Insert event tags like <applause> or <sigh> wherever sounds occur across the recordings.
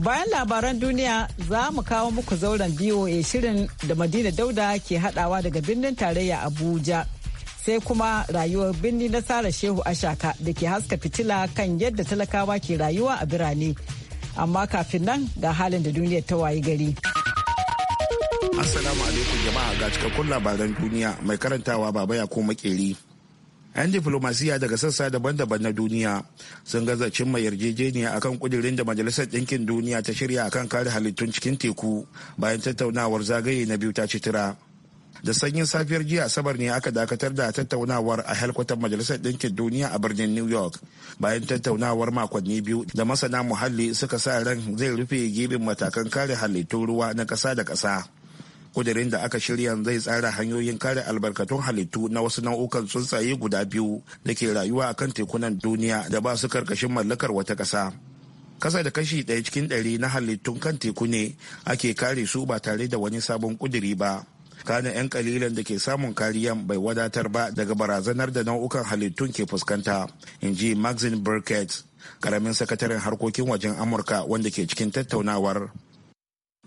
Bayan labaran duniya za mu kawo muku zauren BOA shirin da Madina Dauda ke hadawa daga birnin tarayya Abuja. Sai kuma rayuwar birni na Sara Shehu Ashaka da ke haska fitila kan yadda talakawa ke rayuwa a birane. Amma kafin nan ga halin da duniyar ta wayi gari. Assalamu alaikum jama'a ga cikakkun labaran duniya mai karantawa baba ya ko makeri. 'yan diflomasiya daga sassa daban-daban na duniya sun gaza cimma yarjejeniya akan kudirin da majalisar ɗinkin duniya ta shirya akan kare halittun cikin teku bayan tattaunawar zagaye na biyu ta citira da sanyin safiyar jiya asabar ne aka dakatar da tattaunawar a helkwatar majalisar ɗinkin duniya a birnin new york bayan tattaunawar makonni biyu da masana muhalli suka sa ran zai rufe gibin matakan kare halittun ruwa na ƙasa da ƙasa kudirin da aka shirya zai tsara hanyoyin kare albarkatun halittu na wasu nau'ukan tsuntsaye guda biyu da ke rayuwa a kan tekunan duniya da ba su karkashin mallakar wata ƙasa kasa da kashi ɗaya cikin ɗari na halittun kan teku ne ake kare su ba tare da wani sabon kudiri ba kana 'yan kalilan da ke samun kariyan bai wadatar ba daga barazanar da nau'ukan halittun ke fuskanta in ji maxine burkett karamin sakataren harkokin wajen amurka wanda ke cikin tattaunawar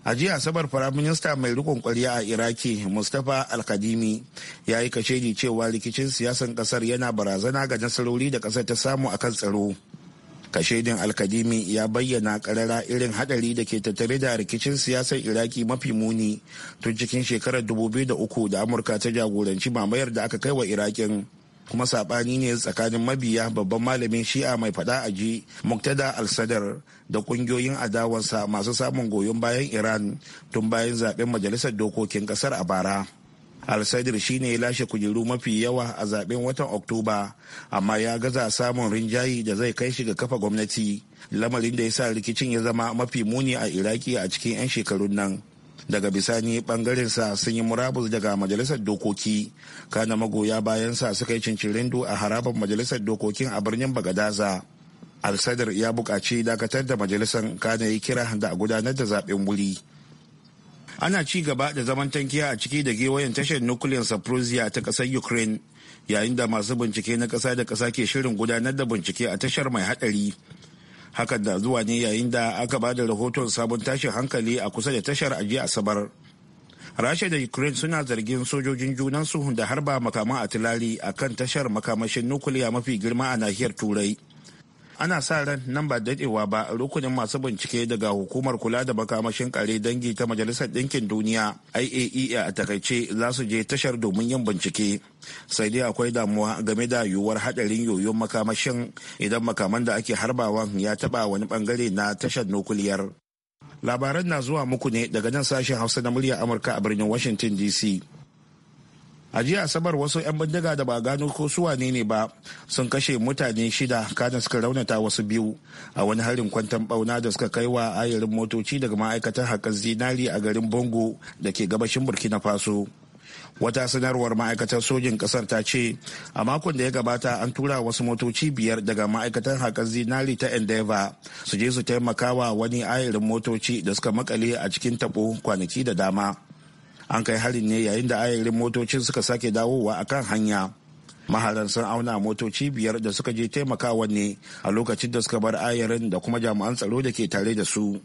a jiya asabar firaminista mai rikon kwarya a iraki mustapha alkadimi ya yi kashedi cewa rikicin siyasan kasar yana barazana ga nasarori da kasar ta samu a kan tsaro kashedin alkadimi ya bayyana karara irin hadari da ke tattare da rikicin siyasar iraki mafi muni tun cikin shekarar 2003 da amurka ta jagoranci mamayar da aka kai wa irakin kuma sabani ne tsakanin mabiya babban malamin shi'a mai fada ji muktada al-sadar da kungiyoyin adawarsa masu samun goyon bayan iran tun bayan zaben majalisar dokokin kasar a bara al-sadar shine ya lashe kujeru mafi yawa a zaben watan oktoba amma ya gaza samun rinjayi da zai kai shi ga kafa gwamnati lamarin da ya sa rikicin ya zama mafi muni a iraki a cikin 'yan shekarun nan daga bisani sa sun yi murabus daga majalisar dokoki kana magoya bayansa suka yi cincirindo a harabar majalisar dokokin a birnin bagadaza alsadar ya bukaci dakatar da majalisar kana yi kira da a gudanar da zaben wuri ana ci gaba da zaman tankiya a ciki da gewayen tashar nukiliyar saprosia ta ƙasar ukraine yayin da masu bincike na kasa da kasa ke shirin gudanar da bincike a tashar mai hadari. hakan da zuwa ne yayin da aka ba da rahoton sabon tashin hankali a kusa da tashar ajiya asabar rasha da ukraine suna zargin sojojin junansu da harba makaman atilali a kan tashar makamashin nukuliya mafi girma a nahiyar turai ana sa ran nan ba dadewa ba rukunin masu bincike daga hukumar kula da makamashin kare dangi ta majalisar ɗinkin duniya iaea e a takaice za su je tashar domin yin bincike sai dai akwai damuwa game da yiwuwar hadarin yoyon makamashin idan makaman da ake harbawa ya taba wani bangare na tashar nukuliyar labaran na zuwa muku ne daga nan sashen hausa na murya amurka a birnin washington dc a jiya asabar wasu 'yan bindiga da ba gano ko su wane ne ba sun kashe mutane shida kada suka raunata wasu biyu a wani harin kwantan bauna da suka kai wa ayarin motoci daga ma'aikatar haƙar zinari a garin bongo da ke gabashin burkina faso wata sanarwar ma'aikatar sojin kasar ta ce a makon da ya gabata an tura wasu motoci biyar daga ma'aikatar haƙar zinari ta endeavour su je su taimakawa wani ayarin motoci da suka makale a cikin tabo kwanaki da dama an kai harin ne yayin da ayarin motocin suka sake dawowa a kan hanya maharan sun auna motoci biyar da suka je taimakawa ne a lokacin da suka bar ayyarin da kuma jami'an tsaro da ke tare da su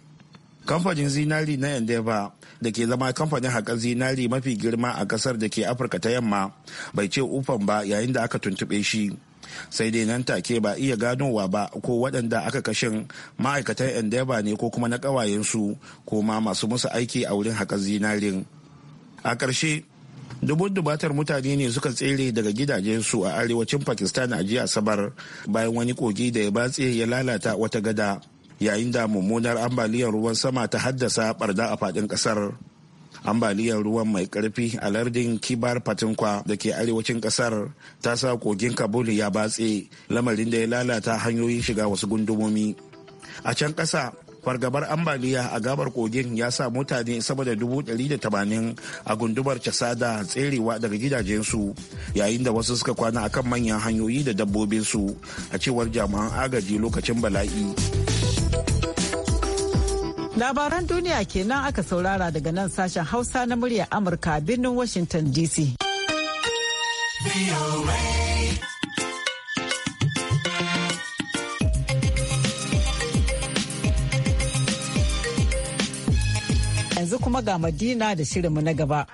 kamfanin zinari na endeavour da ke zama kamfanin haƙar zinari mafi girma a ƙasar da ke afirka ta yamma bai ce ufan ba yayin da aka tuntuɓe shi sai dai nan take ba iya ganowa ba ko waɗanda aka kashin ma'aikatan endeavour ne ko kuma na ƙawayensu ko ma masu musu aiki a wurin haƙar zinarin a ƙarshe dubun dubatar mutane ne suka tsere daga gidajensu a arewacin pakistan a jiya asabar bayan wani kogi da ya batse ya lalata wata gada yayin da mummunar ambaliyar ruwan sama ta haddasa barda a fadin kasar ambaliyar ruwan mai karfi a lardin kibar patinkwa da ke arewacin kasar ta sa kogin kabul ya batse lamarin da ya lalata hanyoyin shiga wasu gundumomi a can ƙasa fargabar ambaliya a gabar kogin ya sa mutane sama da dubu ɗari da tamanin a gundumar casada tserewa daga gidajensu yayin da wasu suka kwana akan manyan hanyoyi da dabbobinsu a cewar jami'an agaji lokacin bala'i labaran duniya kenan aka saurara daga nan sashen hausa na muryar amurka birnin washington dc Yanzu kuma ga Madina da shirinmu na gaba.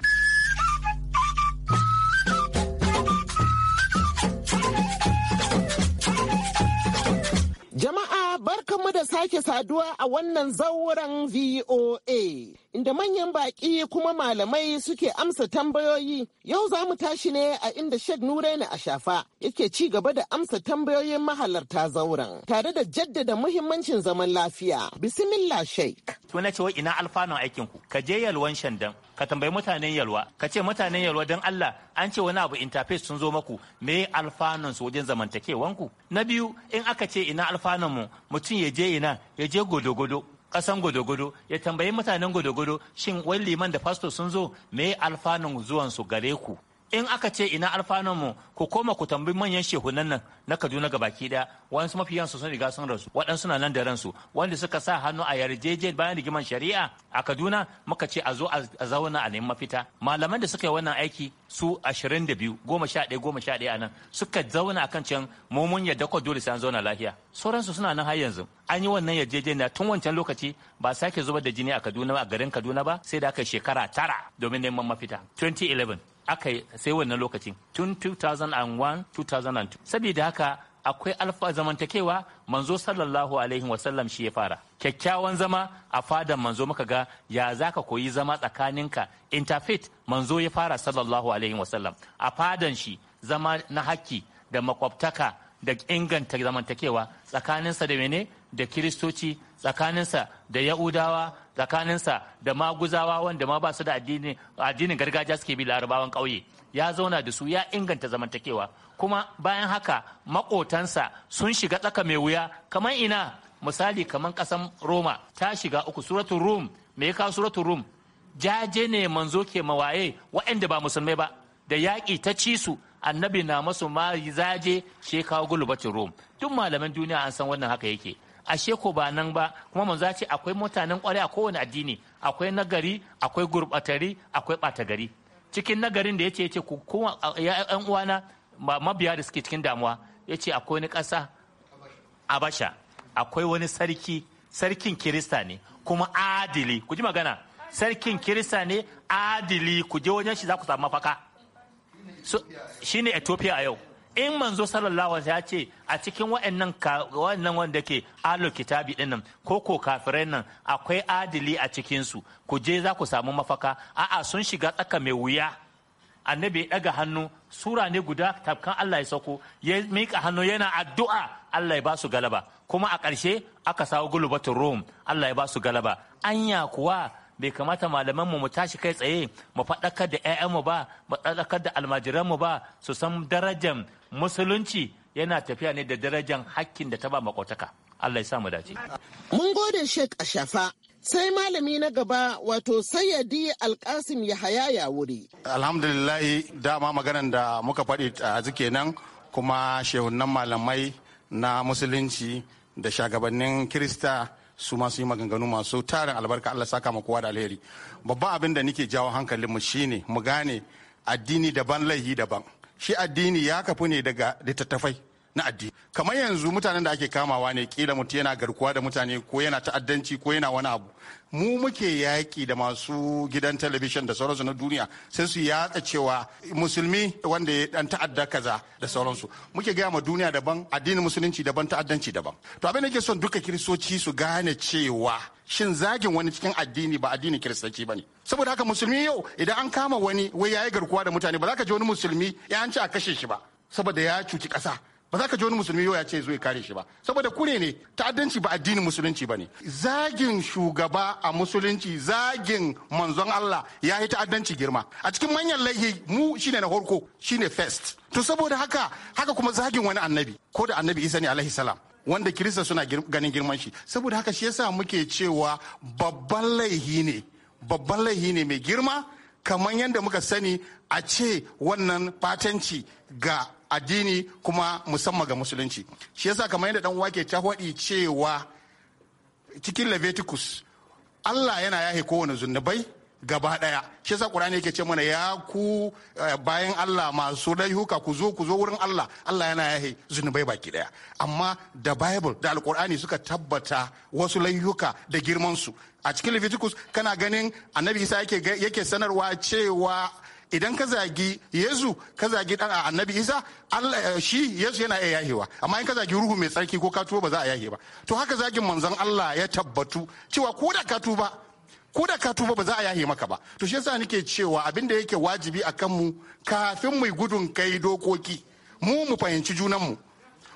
Jama'a barkanmu da sake saduwa a wannan zauren VOA. inda manyan baƙi kuma malamai suke amsa tambayoyi. Yau za mu tashi ne a inda Sheikh a shafa. yake ci gaba da amsa tambayoyin mahalarta zauren tare da jaddada muhimmancin zaman lafiya. Bismillah Sheikh. na ce ina alfanun aikin ku. Ka je yalwan shandan, ka tambayi mutanen yalwa, ka ce mutanen yalwa don Allah an ce wani abu interface sun zo maku me alfanun su wajen zamantakewanku. Na biyu in aka ce ina alfanun mu mutum ya je ina ya je godo-godo. kasan godogodo ya tambayi mutanen godogodo shin wani liman da fasto sun zo me alfanun zuwan su gare ku in aka ce ina alfanun mu ku koma ku tambayi manyan shehunan nan na Kaduna ga baki daya waɗansu mafiyan su sun riga sun rasu waɗansu na nan da ransu wanda suka sa hannu a yarjeje bayan rigiman shari'a a Kaduna muka ce a zo a zauna a neman mafita malaman da suka yi wannan aiki su 22 goma sha ɗaya goma sha ɗaya a nan suka zauna akan can mu mun yadda ko dole sai an zauna lafiya sauransu suna nan har yanzu an yi wannan na tun wancan lokaci ba sake zubar da jini a Kaduna a garin Kaduna ba sai da aka shekara tara domin neman mafita 2011 aka sai wannan lokacin tun 2001 2002 saboda haka akwai alfa zamantakewa manzo sallallahu alaihi wasallam shi ya fara kyakkyawan zama a fadan manzo muka ga ya za ka koyi zama tsakaninka interfaith manzo ya fara sallallahu alaihi wasallam a fadan shi zama na haƙƙi da makwabtaka da inganta zamantakewa tsakaninsa da mene da kiristoci tsakaninsa da yahudawa tsakaninsa da maguzawa wanda ma ba su da addinin gargajiya suke bi larabawan ƙauye ya zauna da su ya inganta zamantakewa kuma bayan haka maƙotansa sun shiga tsaka mai wuya kamar ina misali kamar kasan roma ta shiga uku suratun rum mai kawo suratun rum jaje ne manzo ke mawaye waɗanda ba musulmai ba da yaƙi ta ci su annabi na masu ma zaje shekawa kawo gulubatin rum duk malaman duniya an san wannan haka yake ashe ko ba nan ba kuma za ce akwai mutanen kware a kowane addini akwai nagari akwai gurbatari akwai batagari gari cikin nagarin da yace yace ku kuma ƴan uwana mabiya da suke cikin damuwa yace akwai wani kasa abasha akwai wani sarki sarkin kirista ne kuma adili ku ji magana sarkin kirista ne adili ku je wajen shi za ku samu mafaka shine ethiopia a yau in manzo sallallahu alaihi ya ce a cikin wa'annan wannan wanda ke alo kitabi din ko ko kafirai nan akwai adili a cikin su ku je za ku samu mafaka a'a sun shiga tsaka mai wuya annabi ya daga hannu sura ne guda tafkan Allah ya sako ya mika hannu yana addu'a Allah ya ba su galaba kuma a ƙarshe aka sawo gulubatun Rome Allah ya ba su galaba anya kuwa bai kamata malaman mu tashi kai tsaye mu faɗakar da 'ya'yanmu ba mu faɗakar da almajiranmu ba su san darajar musulunci yana tafiya ne da darajar hakkin da ta ba makotaka Allah ya samu dace mun gode Sheikh Ashafa sai malami na gaba wato sayyadi alkasim yahaya ya wuri alhamdulillahi dama maganan da muka faɗi a nan kuma shehunan malamai na musulunci da shagabannin kirista su masu yi maganganu masu tarin albarka allah saka ma kowa da alheri babban abin da nake jawo hankalinmu shine mu gane addini daban laihi daban shi addini ya kafu ne daga littattafai na addini kamar yanzu mutanen da ake kamawa ne kila mutum yana garkuwa da mutane ko yana ta'addanci ko yana wani abu mu muke yaƙi da masu gidan talabijin da sauransu na duniya sai su yatsa cewa musulmi wanda ya dan ta'adda kaza da sauransu muke gaya ma duniya daban addinin musulunci daban ta'addanci daban to abin da ke son duka kiristoci su gane cewa shin zagin wani cikin addini ba addinin kiristanci ba ne saboda haka musulmi yau idan an kama wani wai yayi garkuwa da mutane ba za ka ji wani musulmi ya an ci a kashe shi ba saboda ya cuci kasa. ba za ka ji wani musulmi yau ya ce zo kare shi ba saboda kure ne ta'addanci ba addinin musulunci ba ne zagin shugaba a musulunci zagin manzon Allah ya yi ta'addanci girma a cikin manyan laihi mu shine na horko shine first to saboda haka haka kuma zagin wani annabi ko da annabi Isa ne alaihi salam wanda kirista suna ganin girman shi saboda haka shi yasa muke cewa babban laihi ne babban laihi ne mai girma kamar yadda muka sani a ce wannan fatanci ga addini kuma musamman ga musulunci shi yasa kamar yadda dan wake ta faɗi cewa cikin leviticus allah yana yahe kowane zunubai gaba daya shi yasa qur'ani yake ce mana ya ku eh, bayan Allah masu laihuka ku zo ku zo wurin Allah Allah yana yahe zunubai baki daya amma da bible da alqur'ani suka tabbata wasu laihuka da girman su a cikin Leviticus kana ganin annabi Isa yake sanarwa cewa idan ka zagi yesu ka zagi dan annabi isa eh, shi yesu yana iya yahewa amma in ka zagi ruhu mai tsarki ko ka ba za a yahe ba to haka zagin manzon allah ya tabbatu cewa ko da ka tuba ko da ka ba za a yahe maka ba to shi yasa nake cewa abin da yake wajibi akan mu kafin mu gudun kai dokoki mu mu fahimci junan mu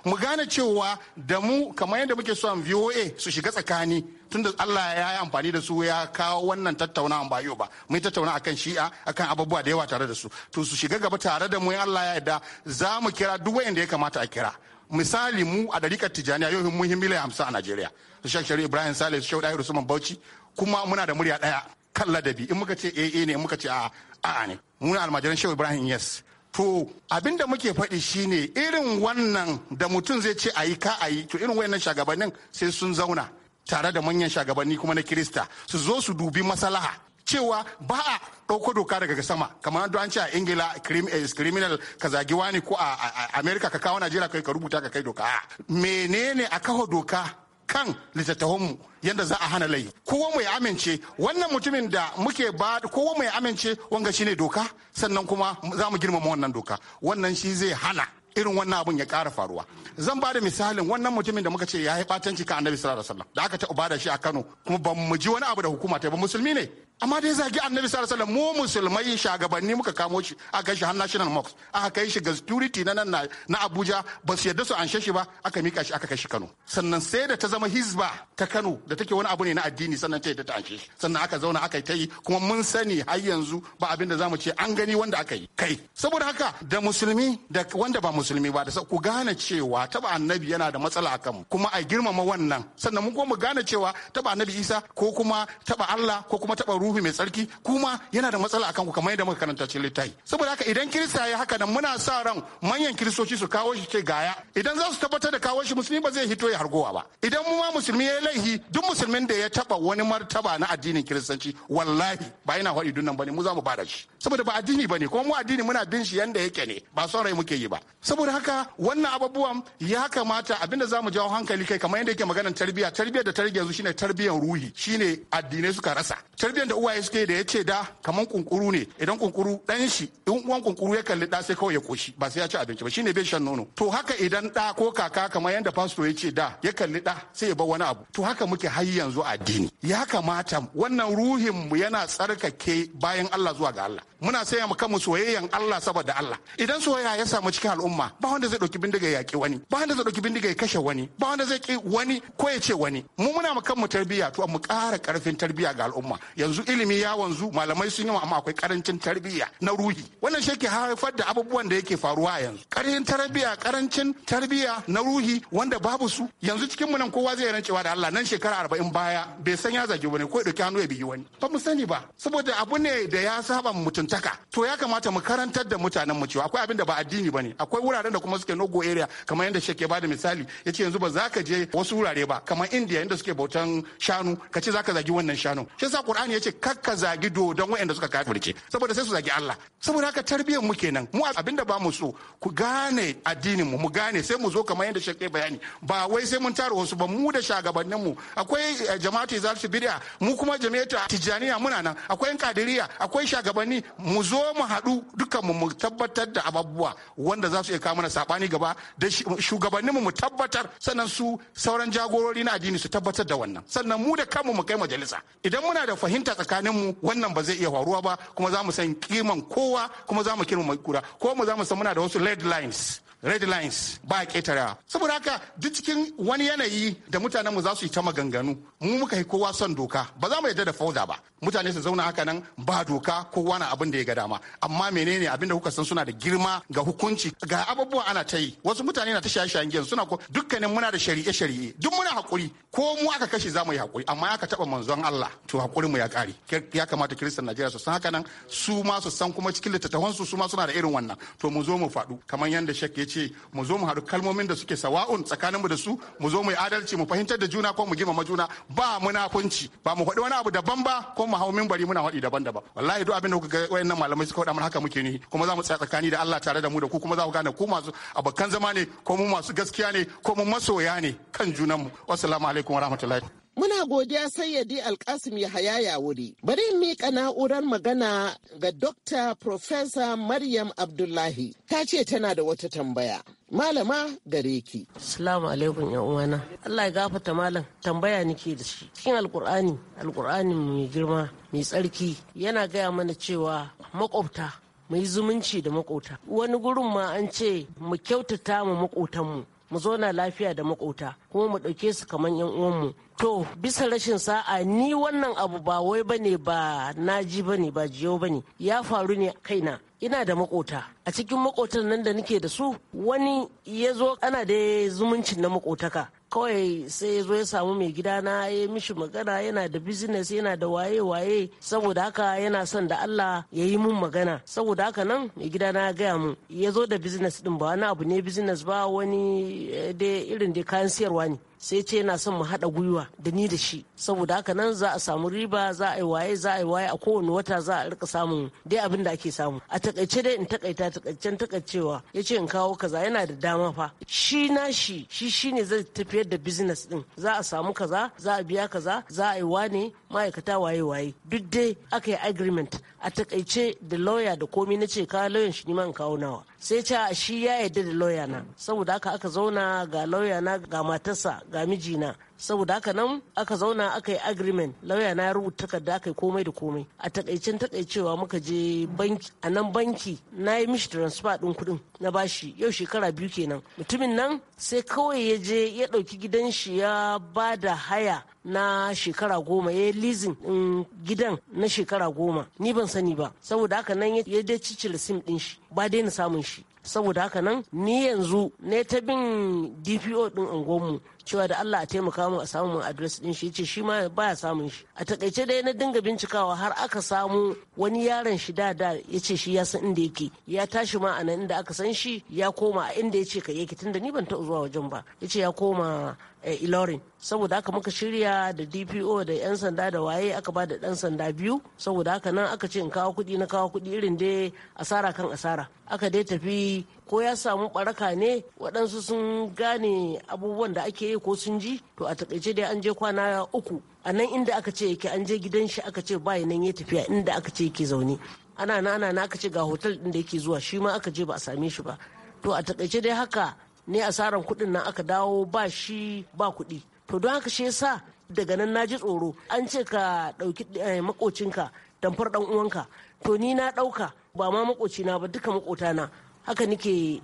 mu gane cewa da mu kamar yadda muke son voa su shiga tsakani tunda allah ya yi amfani da su ya kawo wannan tattaunawa ba yau ba mun tattauna akan shi'a akan abubuwa da yawa tare da su to su shiga gaba tare da mu allah ya yarda za mu kira duk wanda ya kamata a kira misali mu a ɗarikar tijjaniya yau mun yi miliyan hamsin a najeriya su shek shari'a ibrahim salih su shek suman bauchi kuma muna da murya ɗaya kan ladabi in muka ce ee ne in muka ce a'a A ne muna almajiran shehu ibrahim yes To abin da muke faɗi shine irin wannan da mutum zai ce a yi ka a yi to irin wayannan shagabannin sai sun zauna tare da manyan shagabanni kuma na Kirista su zo su dubi masalaha cewa ba a ɗauko doka daga sama kamar an ce a ingila eh, criminal ka zagi wani ko a america ka kawo najeriya kai ka rubuta ka kai doka menene a kawo doka kan littattafanmu yadda za a hana lai kowa mai amince wannan mutumin da muke ba kowa mai amince wanga shine doka sannan kuma za mu girmama wannan doka wannan shi zai hana irin wannan abun ya kara faruwa zan ba da misalin wannan mutumin da muka ce ya yi batanci kan annabi sallallahu alaihi wasallam da aka taɓa bada shi a Kano kuma ba mu ji wani abu da hukuma ta ba musulmi ne amma dai zagi annabi sallallahu alaihi wasallam mu musulmai shagabanni muka kamo shi a kai shi har national mosque aka kai shi ga security na nan na Abuja ba su yadda su anshe shi ba aka mika shi aka kai shi Kano sannan sai da ta zama hizba ta Kano da take wani abu ne na addini sannan ta yadda ta anshe shi sannan aka zauna aka yi kuma mun sani har yanzu ba abin da zamu ce an gani wanda aka yi kai saboda haka da musulmi da wanda ba musulmi ba da ku gane cewa taba annabi yana da matsala akan mu kuma a girmama wannan sannan mun kuma mu gane cewa taba annabi Isa ko kuma taba Allah ko kuma taba ruhu ruhi mai tsarki kuma yana da matsala akan ku kamar yadda muka karanta cikin littafi saboda haka idan kirista ya haka nan muna sa ran manyan kiristoci su kawo shi ce gaya idan za su tabbatar da kawo shi musulmi ba zai hito ya hargowa ba idan mu ma musulmi ya laihi duk musulmin da ya taba wani martaba na addinin kiristanci wallahi ba yana faɗi dunnan bane mu za mu bada shi saboda ba addini bane kuma mu addini muna bin shi yanda yake ne ba son rai muke yi ba saboda haka wannan abubuwan ya kamata abinda za mu jawo hankali kai kamar yadda yake maganar tarbiyya tarbiyyar da ta rage yanzu shine tarbiyyar ruhi shine addinai suka rasa tarbiyyar da uwaye suke da ya ce da kamar kunkuru ne idan kunkuru dan shi in uwan kunkuru ya kalli da sai kawai ya koshi ba sai ya ci abinci ba shine bai shan nono to haka idan da ko kaka kamar yanda pastor ya ce da ya kalli da sai ya bar wani abu to haka muke har yanzu addini ya kamata wannan ruhin mu yana tsarkake bayan Allah zuwa ga Allah muna saya mu kanmu soyayyan Allah saboda Allah idan soyayya ya samu cikin al'umma ba wanda zai dauki bindiga ya yaki wani ba wanda zai dauki bindiga ya kashe wani ba wanda zai ki wani ko ya ce wani mu muna mu kanmu tarbiya to mu ƙara karfin tarbiya ga al'umma yanzu ilimi ya wanzu malamai sun yi amma akwai karancin tarbiyya na ruhi wannan shi ke haifar da abubuwan da yake faruwa yanzu karancin tarbiyya karancin tarbiyya na ruhi wanda babu su yanzu cikin mu nan kowa zai rancewa da Allah nan shekara arba'in baya bai san ya zagi wani ko ya dauki hannu ya bi wani ba mu sani ba saboda abu ne da ya saba mutuntaka to ya kamata mu karantar da mutanen mu cewa akwai abin da ba addini bane akwai wuraren da kuma suke nogo area kamar yadda shi ya bada misali yace yanzu ba za ka je wasu wurare ba kamar India inda suke bautan shanu ka ce za ka zagi wannan shanu shi sa Qur'ani yace kakka zagi dodon waɗanda suka kafirce saboda sai su zagi Allah saboda haka tarbiyyar mu kenan mu abinda ba mu so ku gane addinin mu mu gane sai mu zo kamar yadda shekai bayani ba wai sai mun tara wasu ba mu da shagabannin mu akwai eh, jama'atu su bid'a mu kuma jami'atu tijaniya muna nan akwai kadiriya akwai shagabanni mu zo mu haɗu dukkan mu tabbatar da ababuwa wanda za su iya kawo mana sabani gaba da shugabannin mu mu tabbatar sannan su sauran jagorori na addini su tabbatar da wannan sannan mu da kanmu mu kai majalisa idan muna da fahimta. tsakanin mu wannan ba zai iya faruwa ba kuma za mu san kiman kowa kuma za mu kirma kura ko mu za mu san muna da wasu red lines red lines ba ƙetarewa saboda haka duk cikin wani yanayi da mutanen mu za su yi ta maganganu mu muka yi kowa son doka ba za mu yadda da fauda ba mutane su zauna haka nan ba doka kowa na abin da ya ga dama amma menene abin da kuka san suna da girma ga hukunci ga abubuwa ana ta yi wasu mutane na ta shaye-shayen giyan suna ko dukkanin muna da shari'e-shari'e duk muna hakuri ko mu aka kashe za mu yi hakuri amma aka taba manzon Allah to hakuri mu ya kare ya kamata kiristan Najeriya su san haka nan su ma su san kuma cikin littattafan su ma suna da irin wannan to mu zo mu faɗu kamar yadda shakke ce mu zo mu haɗu kalmomin da suke sawa'un tsakaninmu da su mu zo mu yi adalci mu fahimtar da juna ko mu girmama juna ba munafunci ba mu faɗi wani abu daban ba ko mu hau minbari muna faɗi daban daban wallahi duk abin da kuka ga wayannan malamai suka faɗa mana haka muke ni kuma za mu tsaya tsakani da Allah tare da mu da ku kuma za ku gane ku masu abokan zama ne ko mu masu gaskiya ne ko mu masoya ne kan junanmu wassalamu alaikum warahmatullahi Muna godiya sayyadi Alkasim Yahaya ya wuri. Bari in miƙa na'urar magana ga Dokta Profesa Maryam Abdullahi. Ta ce tana da wata tambaya. Malama gare ki. Salamu alaikum ya uwana. Allah ya gafata malam tambaya nake da shi. Cikin Alkur'ani, Alkur'ani mai girma, mai tsarki yana gaya mana cewa makwabta mai zumunci da makota wani gurin ma an ce mu kyautata ma makotanmu mu zauna lafiya da makota kuma mu ɗauke su kamar yan uwanmu to bisa rashin sa'a ni wannan abu ba wai bane ba naji bane ba jiyo bane ya faru ne kaina ina da makota a cikin makotan nan da nake da su wani ya zo ana da zumuncin na makotaka kawai sai ya zo ya samu mai gida na ya mishi magana yana da business yana da waye-waye saboda haka yana son da Allah ya yi mun magana saboda haka nan mai gida na ya gaya mun ya zo da business din ba wani abu ne business ba wani eh, dai irin da kayan siyarwa ne sai ce yana son mu haɗa gwiwa da ni da shi saboda haka nan za a samu riba za a yi waye za a yi waye a kowane wata za a rika samun dai abin da ake samu a takaice dai in takaita takaicen takaicewa ya ce in kawo kaza yana da dama fa shi na shi shi shi ne zai tafiyar da business din za a samu kaza za a biya kaza za a yi wane ma'aikata waye waye duk dai aka yi agreement a takaice da lauya da komi na ce ka lauyan shi man kawo nawa sai ce shi ya yarda da lawyer na saboda haka aka zauna ga lawyer na ga matarsa ga mijina saboda haka nan aka zauna aka yi agreement lauya na rubuta takarda aka yi komai da komai a takaicen takaicewa muka je banki a nan banki na yi mishi transfer din kudin na bashi yau shekara biyu kenan mutumin nan sai kawai ya je ya dauki gidan shi ya ba da haya na shekara goma ya leasing in gidan na shekara goma ni ban sani ba saboda haka nan ya dai cire sim din shi ba daina samun shi saboda haka nan ni yanzu ne ta bin dpo din unguwarmu cewa da Allah a taimaka mu a samu mun address din shi ce shi ma baya samun shi a takaice dai na dinga bincikawa har aka samu wani yaron shi da da ya shi ya san inda yake ya tashi ma a nan inda aka san shi ya koma a inda ya ce ka yake tunda ni ban taɓa zuwa wajen ba ya ce ya koma eh, ilorin saboda haka muka shirya da dpo da 'yan sanda da waye aka ba da dan sanda biyu saboda haka nan aka ce in kawo kudi na kawo kudi irin dai asara kan asara aka dai tafi ko ya samu baraka ne waɗansu sun gane abubuwan da ake ko sun ji to a takaice dai an je kwana uku a nan inda aka ce yake an je gidan shi aka ce bayi nan ya tafiya inda aka ce yake zaune ana na ana na aka ce ga hotel din da yake zuwa shi ma aka je ba a same shi ba to a takaice dai haka ne asaran kuɗin nan aka dawo ba shi ba kuɗi to don haka shi yasa daga nan na ji tsoro an ce ka ɗauki eh, makocinka tamfar ɗan uwanka to ni na ɗauka ba ma makocina ba duka makotana haka nike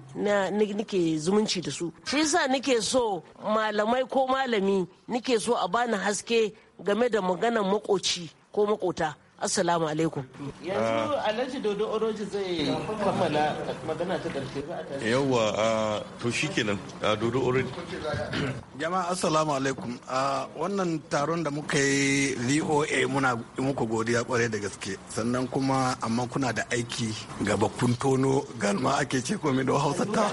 nike zumunci da su shi yasa nike so malamai ko malami nike so a bani haske game da maganan makoci ko makota assalamu alaikum yanzu alhaji dodo oroji zai kammala magana ta karshe yawa a to shikenan a dodo oroji jama'a assalamu alaikum a wannan taron da muka yi voa muna muku godiya kwarai da gaske sannan kuma amma kuna da aiki gaba kun tono galma ake ce komai da hausa ta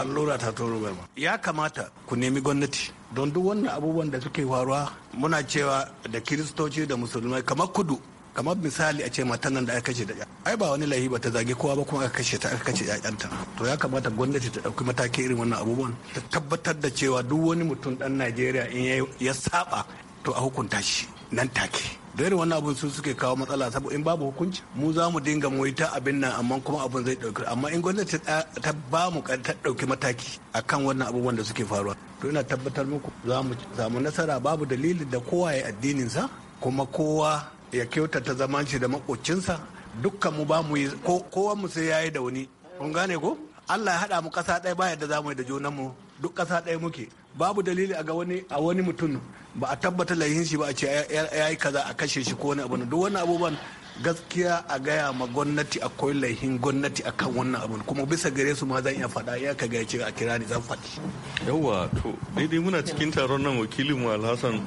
allura ta tono galma ya kamata ku nemi gwamnati don duk wannan abubuwan da suke faruwa muna cewa da kiristoci da musulmai kamar kudu kamar misali a ce matan nan da aka kashe da ai ba wani lahi ba ta zage kowa ba kuma aka kashe ta aka kashe ƴaƴanta to ya kamata gwamnati ta ɗauki mataki irin wannan abubuwan ta tabbatar da cewa duk wani mutum ɗan Najeriya in ya saba to a hukunta shi nan take da irin wannan abin su suke kawo matsala saboda in babu hukunci mu za mu dinga mu abin nan amma kuma abin zai dauki amma in gwamnati ta ba mu ta dauki mataki akan wannan abubuwan da suke faruwa to ina tabbatar muku za mu samu nasara babu dalilin da kowa ya addinin sa kuma kowa ya kyautata zaman shi da makocinsa dukkan mu ba mu yi kowa mu sai yayi da wani kun gane ko Allah ya haɗa mu ƙasa ɗaya ba yadda za mu yi da junanmu duk kasa ɗaya muke babu dalili a ga wani a wani mutum ba a tabbata laihin shi ba a ce ya yi kaza a kashe shi ko wani abu duk wani abubuwan gaskiya a gaya ma gwamnati akwai laihin gwamnati akan wannan abu kuma bisa gare su ma zan iya faɗa ya ka gaya ce a kira ni zan faɗi yawwa to daidai muna cikin taron nan wakilin mu alhassan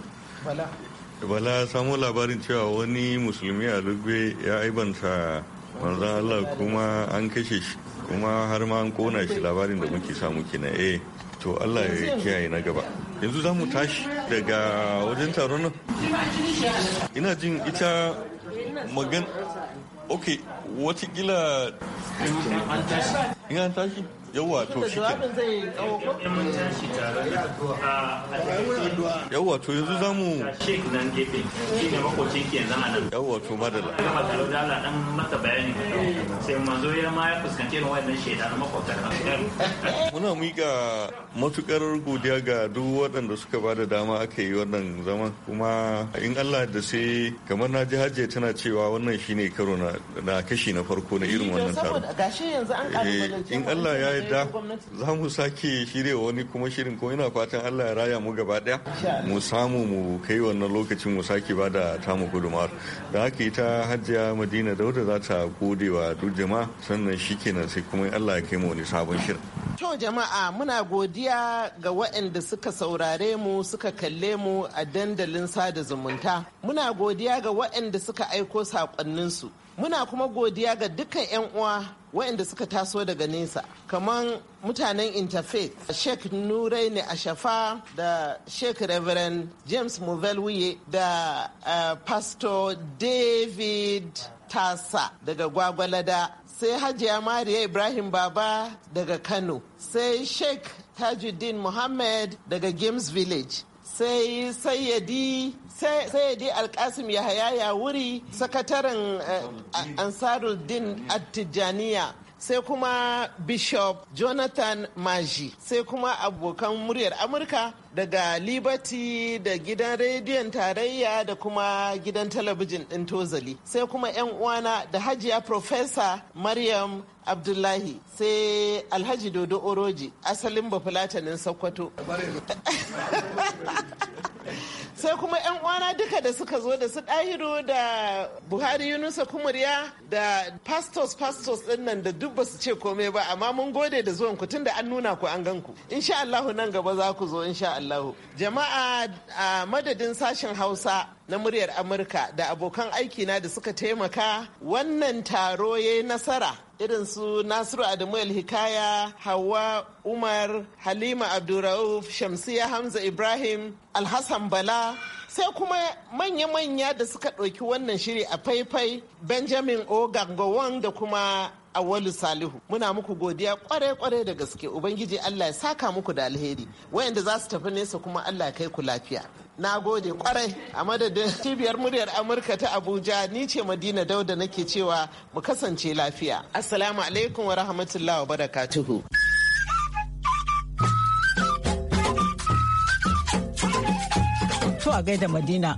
bala ya samo labarin cewa wani musulmi a lugbe ya aibanta manzan allah kuma an kashe shi kuma har ma an kona shi labarin da muke samu kenan eh to Allah ya kiyaye na gaba yanzu za mu tashi daga wajen taron nan ina jin ita magan ok watakila in an tashi yawa to shi to yanzu za mu to madalla muna mika matukar godiya ga duk waɗanda suka ba da dama aka yi wannan zaman kuma in allah da sai kamar na ji Hajji tana cewa wannan shine karo na kashi na farko na irin wannan taron eh, in allah ya yadda za mu sake shirya wani kuma shirin ko ina fatan allah ya raya mu gaba daya mu samu mu kai wannan lokacin mu sake bada da tamu gudumar da haka ita Hajjiya madina dauda za ta gode wa duk jama'a sannan shi kenan sai kuma allah ya kai mu wani sabon shirin To jama'a muna godiya ga waɗanda suka saurare mu suka kalle mu a dandalin sada zumunta. Muna godiya ga waɗanda suka aiko saƙonninsu. Muna kuma godiya ga dukkan 'yan uwa waɗanda suka taso daga nesa kaman mutanen interfaith sheikh nurai ne ashafa da sheikh reverend james muvelwiye da uh, pastor david tasa daga gwagwalada sai hajiya mariya ibrahim baba daga kano sai sheikh tajuddin Mohammed daga games village sai sayyadi sayyadi alkasim yahaya ya wuri sakataren eh, ansarul din attijaniya sai kuma bishop jonathan maji sai kuma abokan muryar amurka daga liberty da gidan rediyon tarayya da kuma gidan talabijin ɗin tozali sai kuma 'yan uwana da hajiya profesa maryam abdullahi sai alhaji dodo oroji asalin bafulatanin sokoto <laughs> sai kuma 'yan uwana duka da suka zo da su ɗahiru da buhari yunusa Kumurya da pastors pastors ɗin nan da duk ba su ce komai ba amma mun gode da zuwanku ku da an nuna ku an gan ku insha nan gaba za ku zo insha Allah jama'a a madadin sashen Hausa na muryar Amurka da abokan aiki na da suka taimaka wannan taro ya yi nasara irin su Nasiru Adamu Hikaya, Hawa Umar, Halima Abdurrauf, Shamsiya Hamza Ibrahim, Alhassan Bala, sai kuma manya-manya da suka ɗauki wannan shiri a faifai Benjamin O. Gangowon da kuma awwalu salihu muna muku godiya kwarai kwarai da gaske ubangiji allah ya saka muku da alheri wayanda za su tafi nesa kuma allah kai ku lafiya na gode kwarai a madadin <laughs> cibiyar muryar amurka ta abuja ni ce madina dauda nake cewa mu kasance lafiya assalamu alaikum wa rahmatullahi wa barakatuhu to a gaida madina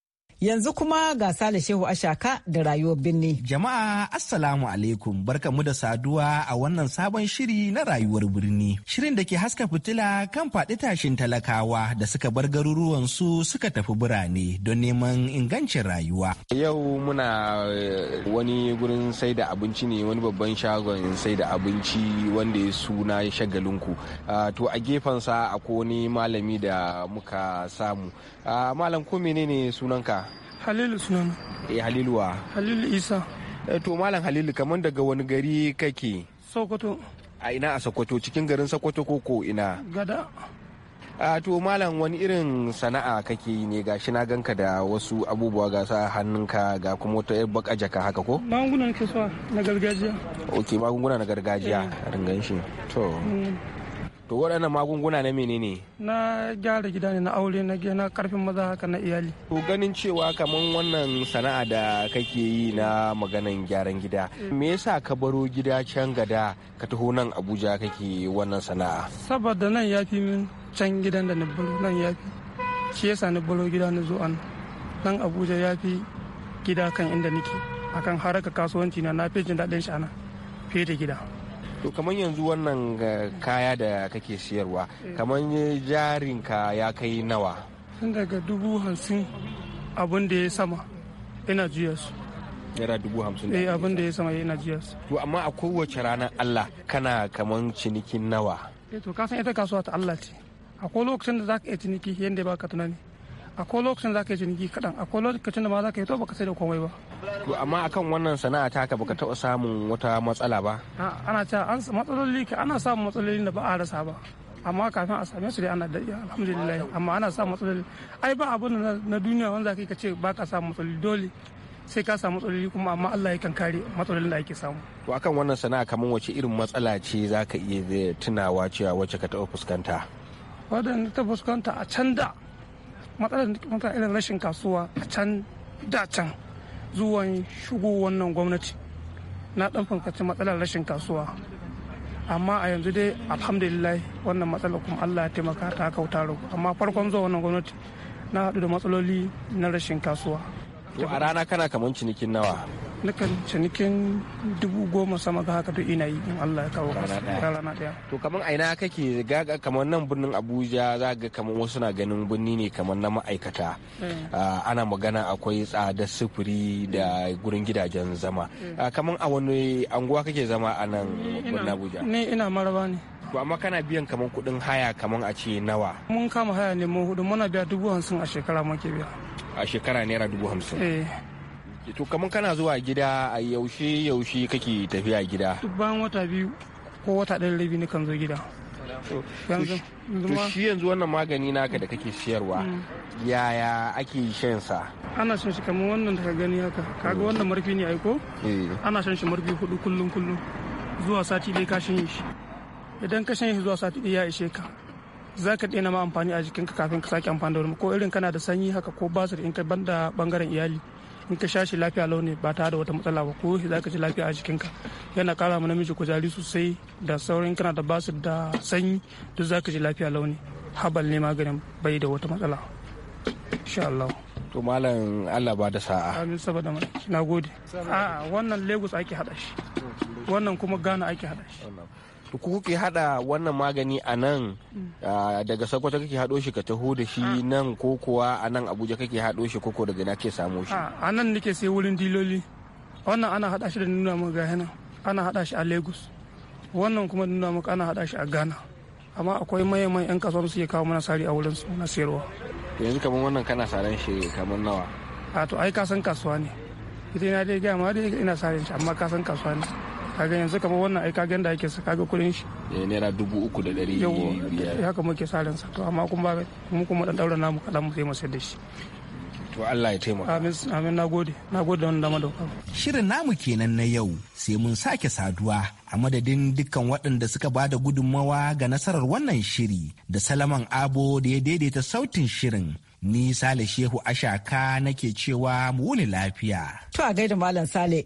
Yanzu kuma ga Sale Shehu Ashaka da rayuwar birni. Jama'a Assalamu alaikum barkamu da saduwa a wannan sabon shiri na rayuwar birni. Shirin da ke haska fitila kan faɗi tashin talakawa da suka bar garuruwan su suka tafi birane don neman ingancin rayuwa. Yau muna eh, wani gurin sai da abinci ne wani babban shagon sai da abinci wanda ya suna shagalinku. Ah, to a gefensa akwai wani malami da muka samu. Ah, Malam ko menene sunanka? Halilu sunana. Eh Halilu wa? Halilu Isa. Eh to Malam Halilu kaman daga wani gari kake? Sokoto. A ina a Sokoto cikin garin Sokoto ko ko ina? Gada. A to Malam wani irin sana'a kake yi ne gashi na ganka da wasu abubuwa ga sa hannunka ga kuma wata yar baka jaka haka ko? Magunguna nake so na gargajiya. okay magunguna na gargajiya eh. ringan shi. To. Mm. to waɗannan magunguna na menene na gyara gida ne na aure na na karfin maza haka na iyali to ganin cewa kamar wannan sana'a da kake yi na maganan gyaran gida me yasa ka baro gida can gada ka taho nan abuja kake wannan sana'a saboda nan ya fi min can gidan da na baro nan ya fi shi yasa na baro gida na zo an nan abuja ya fi gida kan inda nake akan haraka kasuwanci na na fi jin daɗin shana fiye da gida to kamar yanzu wannan kaya da kake siyarwa kamar jarinka ya kai nawa tun daga dubu hamsin abin da ya sama ina juya su yara dubu hamsin eh abin da ya sama juya jiya to amma a kowace ranar Allah kana kaman cinikin nawa eh to kasan ita kasuwa ta Allah ce akwai lokacin da zaka iya ciniki yanda ka tunani akwai lokacin za ka yi ciniki kaɗan akwai lokacin da ma za ka yi to baka sai da komai ba. to amma akan wannan sana'a ta ka baka taɓa samun wata matsala ba. ana cewa matsaloli ka ana samun matsaloli da ba a rasa ba amma kafin a same su dai ana daɗi alhamdulillah amma ana samun matsaloli ai ba abun na duniya wanda ka ce ba ka samun matsaloli dole sai ka samu matsaloli kuma amma Allah yakan kare matsalolin da ake samu. To akan wannan sana'a kamar wace irin matsala ce za ka iya eh, tunawa cewa wace ka taɓa fuskanta? Wadanda ta fuskanta a can da matsalar da irin rashin kasuwa a can da can zuwan shigo wannan gwamnati na dan fankaci matsalar rashin kasuwa amma a yanzu dai alhamdulillah wannan matsalar kuma allah ya taimaka ta kauta amma farkon zuwa wannan gwamnati na haɗu da matsaloli na rashin kasuwa to a rana kana kamar cinikin nawa nakan cinikin dubu goma sama ga haka duk ina yi in Allah ya kawo rana daya to kamar aina kake ga kamar nan birnin Abuja za ga kamar wasu na ganin birni ne kamar na ma'aikata eh. ah, ana magana akwai tsada sufuri da gurin gidajen zama eh. ah, kamar a wani anguwa kake zama a nan birnin Abuja ne ina maraba ne to amma kana biyan kamar kuɗin haya kamar a ce nawa mun kama haya ne mu hudu muna biya dubu hamsin a shekara muke biya a shekara naira dubu hamsin eh. to kamar kana zuwa gida a yaushe yaushe kake tafiya gida duk bayan wata biyu ko wata ɗaya rabi ni kan zo gida to shi yanzu wannan magani naka da kake siyarwa mm. yaya ake shan sa ana shan shi kamar wannan da ka gani haka kaga mm. wannan marfi ne aiko eh. ana shan shi marfi hudu kullum kullum zuwa sati dai ka shan shi idan ka shan shi zuwa sati dai ya ishe ka za ka daina ma amfani a jikinka kafin ka sake amfani da wani ko irin kana da sanyi haka ko basir in ka banda bangaren iyali in ka shashi shi lafiya launi ba tare da wata matsala ba ko za ka ji lafiya a jikinka yana kara ma namiji kuzari sosai da saurin kana da basu da sanyi duk za ka ji lafiya launi habal ne maganin bai da wata matsala insha Allah to malam Allah ba da sa'a amin saboda mai nagode a wannan Lagos ake hada shi wannan kuma Ghana ake hada shi ku kuke hada wannan magani a nan mm. daga sokoto kake hado shi ka taho da shi ah. nan ko kuwa a nan abuja kake hado shi koko daga na ke samo shi ah, a nan nake sai wurin diloli wannan ana hada shi da nuna mu ga yana ana hada shi a lagos wannan kuma nuna mu ana hada shi a ghana amma akwai mayan yan kasuwa suke kawo mana sari a wurin su na sayarwa yanzu kamar wannan kana saran shi kamar nawa a ah, to ai ka san kasuwa ne ita ina dai gaya ma dai ina saran shi amma ka san kasuwa ne kaga yanzu kamar wannan ai kaga da ake sa kaga kudin shi eh naira dubu uku da ɗari biyar eh, haka muke sa ran sa to amma kuma mu kuma dan daura namu kalan mu sai mu sayar da shi to Allah ya taimaka amin amin nagode nagode wannan dama da shirin namu kenan na yau sai mun sake saduwa a madadin dukkan waɗanda suka ba da gudunmawa ga nasarar wannan shiri da salaman abo da ya daidaita sautin shirin ni sale shehu ashaka nake cewa mu wuni lafiya to a gaida malam sale